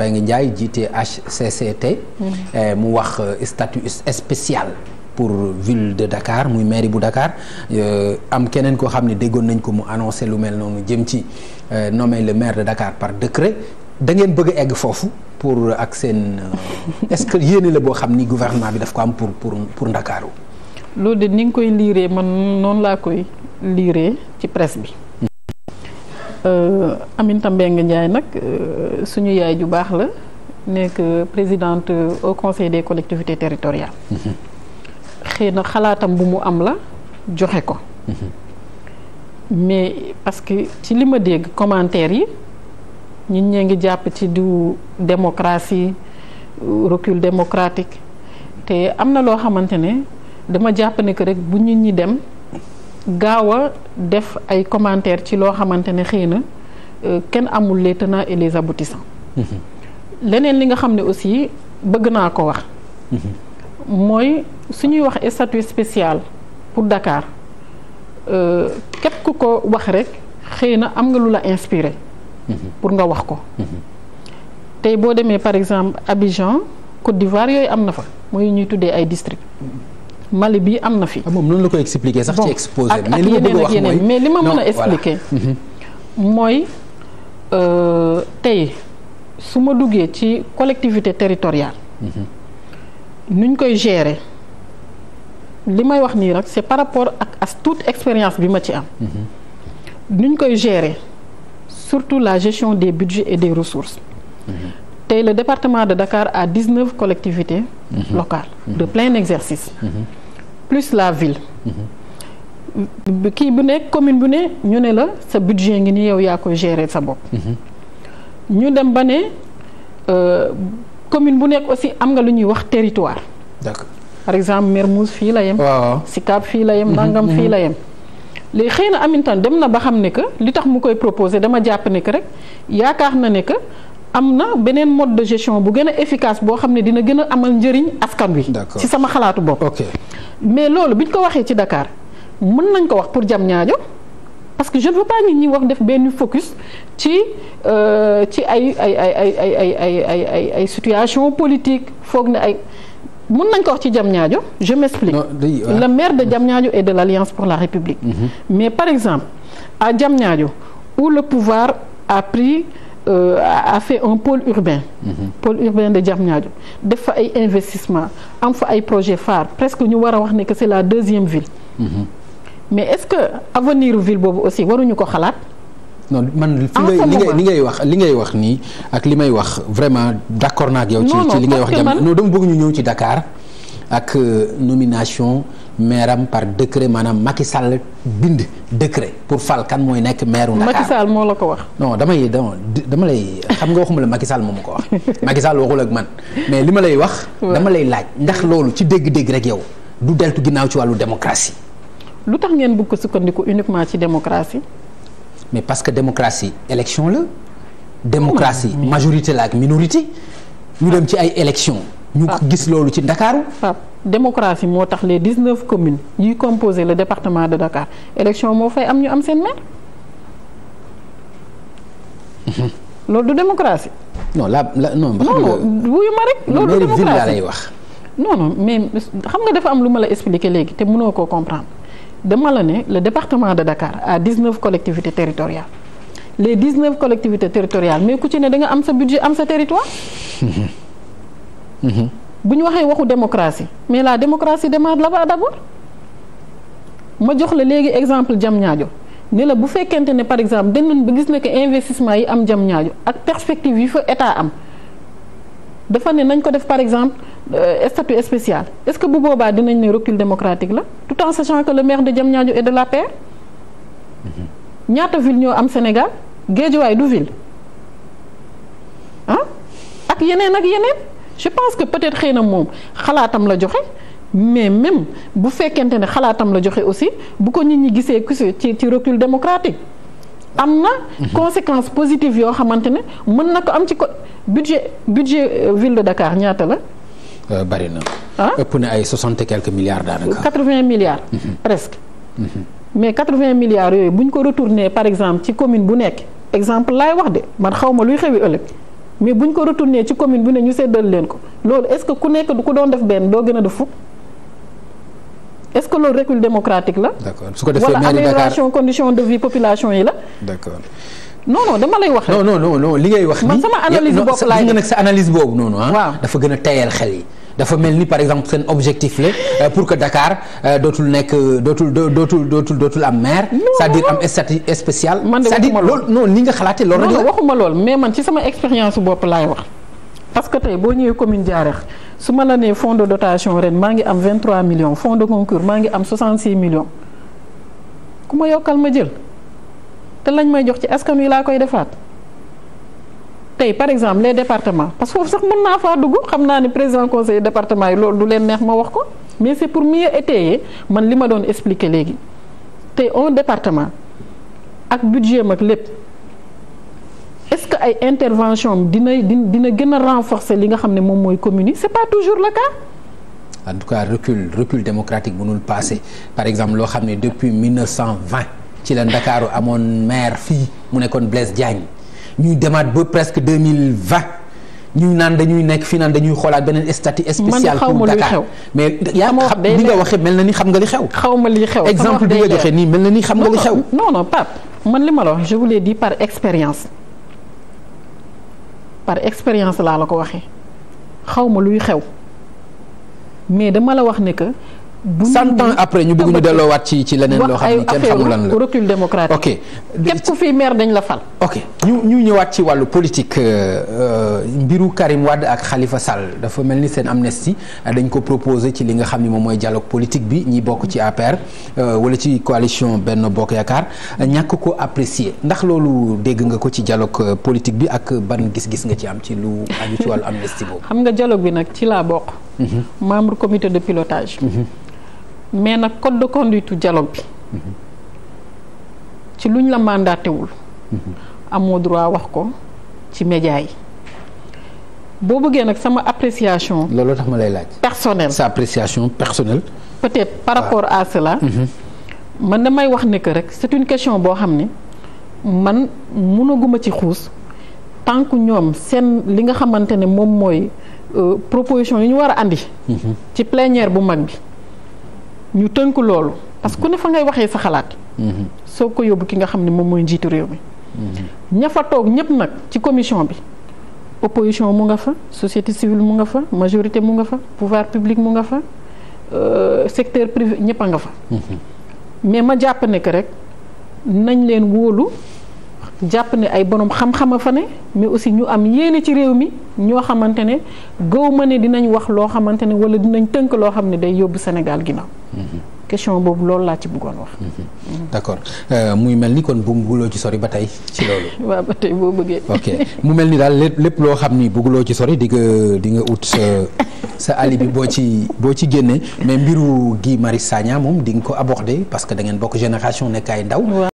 Mbengue Ndiaye jiite HCCT. Mm-hmm. Eh, mu wax euh, statut spécial. pour ville de Dakar muy mairie bu Dakar euh, am keneen koo xam ne déggoon nañ ko mu annoncé lu mel noonu jëm ci euh, nommer le maire de Dakar par décret da ngeen bëgg egg foofu pour ak seen est-ce que yéene la boo xam ni gouvernement bi daf ko am pour pour pour Ndakaaru. loolu de ni nga koy liiree man noonu laa koy liiree ci presse bi. Euh, Aminata Mbengue Ndiaye nag euh, suñu yaay ju baax la nekk présidente au conseil des collectivités territoriales. Mm-hmm. xëy na xalaatam bu mu am la joxe ko. Mm-hmm. mais parce que ci li ma dégg commentaires yi ñun ñee ngi jàpp ci du démocratie recul démocratique te am na loo xamante ne dama jàpp ne que rek bu ñun ñi dem. gaaw a def ay commentaires ci loo xamante ne xëy na euh, kenn amul les tenants et les aboutissants. Mm-hmm. leneen li nga xam ne aussi bëgg naa ko wax. Mm-hmm. mooy su ñuy wax statut spéciale pour Dakar euh, képp ku ko wax rek xëy na am nga lu la inspiré. Mm-hmm. pour nga wax ko. tey boo demee par exemple Abidjan Côte d'Ivoire yooyu am na fa mooy ñuy tuddee ay district Mali bi am na fi. Ah, moom noonu la ko expliquer sax ci exposé. ak ak yeneen mais li ma mën a expliquer. Mhm. mooy euh, tey su ma duggee ci collectivité territoriale. Mhm. nuñ koy gérer li may wax nii rek c'est par rapport ak as toute expérience bi ma ci am. Mhm. nuñ koy gérer surtout la gestion des budgets et des ressources. tey le département de Dakar à dix-neuf collectivités. locale de plein exercice. plus la ville. kii bu nekk commune bu ne ñu ne la sa budget ngi ni yow yaa koy gérer sa bopp. ñu dem ba ne euh, commune bu nekk aussi am nga lu ñuy wax territoire. par exemple Mermoz fii la yem. waaw Sicap fii la yem. Mhm. Nangam fii mhm. la yem. léegi xëy na Amintan dem na ba xam ne que li tax mu koy proposer dama jàpp ne rek yaakaar na ne am na beneen mode de gestion bu gën a efficace boo xam ne dina gën a amal njëriñ askan wi. ci sama xalaatu bopp. mais loolu bi ñu ko waxee ci Dakar mën nañ ko wax pour jam ñaajo parce que je ne veux pas nit ñi wax def benn focus ci euh, ci ay ay ay ay ay ay ay ay ay ay situation politique foog ne ay. mën nañ ko wax ci Diamniadio je m'explique non, oui, le maire de jam Diamniadio est de l'Alliance pour la République mm mais par exemple à Diamniadio où le pouvoir a euh, a fait un pole urbain mm -hmm. pôle urbain de Diamniadio def fa ay investissement am fa ay projet phare presque ñu war a wax ne que c'est la deuxième ville mhm. mais est-ce que avenir ville boobu aussi waruñu ko xalaat non man fi ngay li ngay li ngay wax li ngay wax nii ak li may wax vraiment d'accord naa ak yow ci li ngay wax jam non dama bëgg ñu ñëw ci dakaar ak euh, nomination maire am par décret maanaam Macky Sall bind décret pour fal mooy nekk maire u Dakar Macky moo la ko wax. non damay dama lay xam nga waxuma la Macky Sall moom ma ko wax Macky Sall waxul ak man mais li ma lay wax. dama lay laaj ndax loolu ci dégg-dégg rek yow du deltu ginnaaw ci wàllu démocratie. lu tax ngeen bugg ko sukkandiku uniquement ci démocratie. mais parce que démocratie élection la. démocratie majorité la ak minorité. ñu dem ci ay élection ñu gis loolu ci Ndakaaru démocratie moo tax les dix neuf communes yuy composer le département de Dakar élection moo fay am ñu am seen maire. loolu du démocratie. non laa la non. non wuyu loolu du démocratie lay wax. non non mais xam nga dafa am lu ma la expliquer léegi te mënoo koo comprendre dama la ne le département de Dakar a dix neuf collectivités territoriales les dix neuf collectivités territoriales mais ku ci ne da nga am sa budget am sa territoire. bu ñu waxee waxu démocratie mais la démocratie démarre la ba d'abord ma jox la léegi exemple jam ñaajo ne la bu fekkente ne par exemple danañ ba gis ne que investissement yi am Diamniadio ak perspective yi fa état am dafa ne nañ ko def par exemple euh, statut spécial est-ce que bu boobaa dinañ ne recul démocratique la tout en sachant que le maire de Diamniadio est de l'APR ñaata ville ñoo am Sénégal Guédiawaye du ville ah ak yeneen ak yeneen. je pense que peut-être xëy na moom xalaatam la joxe mais même bu fekkente ne xalaatam la joxe aussi bu ko nit ñi gisee ci ci recul démocratique am na mhm. conséquence positives yoo xamante ne mën na ko am ci ko budget budget euh, ville de Dakar ñaata la euh, bari na ah? ëpp na ay soixante et quelques milliards daanaka quatre-vingts milliards mhm. presque mhm. mais quatre-vingts milliards yooyu bu ñu ko retourner par exemple ci commune bu nekk exemple laay wax de man xaw ma luy xewi ëllëg mais bu ñu ko retourné ci commune bu ne ñu séddal leen ko loolu est-ce que ku nekk du ko doon def benn doo gën a def fukk est-ce que loolu recul démocratique la. d'accord su ko defee wala condition de vie population yi la. d'accord dama lay wax rek. non non non li ngay wax. man sama analyse bopp laay def boobu noonu ah. waaw dafa gën a tayal xel yi. dafa mel ni par exemple seen objectif la euh, pour que dakaar euh, dootul nekk dootul dootul dootul dootul am maire. sa à dire am statut spécial. man de ma loolu non ni nga xalaate loolu rek mais man ci sama expérience bopp laay parce que tey boo ñëwee commune Diarekh su ma la nee fonds de dotation ren maa ngi am 23 millions fonds de concours maa ngi am 66 millions ku ma yokkal ma jël te lañ may jox ci askan wi laa koy defaat. tey par exemple les départements parce que sax mën naa faa dugg xam naa ne président conseil département yi loolu du neex ma wax ko mais c'est pour mieux étayer man li ma doon expliquer léegi tey un département ak budget mag lépp est-ce que ay intervention dina dina gën a renforcer li nga xam ne moom mooy commune yi c'est pas toujours le cas. en tout cas recul recul démocratique mënul passé par exemple loo xam ne depuis 1920 ci la Ndakaaru amoon maire fii mu nekkoon Blaise Diagne. ñuy demaat ba presque deux mille vingt ñu naan dañuy nekk fii naan dañuy xoolaat beneen statut spécial pour Dakar mais yaa xam ni nga waxee mel na ni xam nga li xew. xaw ma li xew exemple bi nga joxe nii mel na ni xam nga li xew. non non Pape man li ma la wax je vous l'ai dit par expérience par expérience laa la ko waxee xaw ma luy xew mais dama la wax ne que. cent ans après ñu bëgg ñu delloowaat ci ci leneen loo xam lan la recul démocratique ok képp ku fi la fal ok ñu ñu ñëwaat ci wàllu politique euh, euh, mbiru Karim Wade ak Khalifa Sall dafa mel ni seen amnistie euh, dañ ko proposé ci li nga xam ne moom mooy dialogue politique bi ñi bokk ci APR wala ci coalition benn bokk yaakaar ñàkk ko apprécier ndax loolu dégg nga ko ci dialogue politique bi ak ban gis-gis nga ci am ci lu aju ci wàllu xam nga dialogue bi nag ci laa bokk mhm. membre commité de pilotage mhm. mais nag code de conduite dialogue bi ci lu luñ la mandatewul amoo droit wax ko ci média yi boo bëggee nag sama appréciation. loolu tax ma lay laaj. personnelle sa appréciation personnelle. peut-être par rapport ah. à cela. Mhm. man damay wax ne que rek c'est une question boo xam ne man mënaguma ci xuus tant que ñoom seen li nga xamante ne moom mooy euh, proposition yi ñu war a andi. Mhm. ci plénière bu mag bi. ñu tënk loolu parce que ku ne fa ngay waxee sa xalaat. Mm-hmm. soo ko yóbbu ki nga xam ne moom mooy njiitu réew mi. Mm-hmm. ña fa toog ñëpp nag ci commission bi. opposition mu nga fa société civile mu nga fa majorité mu nga fa pouvoir public mu nga fa euh, secteur privé ñëpp a nga fa. Mm-hmm. mais ma jàpp ne que rek nañ leen wóolu. jàpp ne ay borom xam a fa ne mais aussi ñu am yéene ci réew mi ñoo xamante ne gëw ma ne dinañ wax loo xamante ne wala dinañ tënk loo xam ne day yóbbu Sénégal ginnaaw. Mm-hmm. question boobu loolu laa ci bëggoon wax. Mm-hmm. Mm-hmm. d'accord euh, muy mel ni kon bu bugguloo ci sori ba tey ci boo bëggee. ok mu mel ni daal lépp lépp loo xam ni bugguloo ci sori di nga di nga ut sa sa alibi boo ci boo ci génnee mais mbiru Guy Marius Sagna moom di ko aborder parce que da ngeen bokk génération nekk ay ndaw.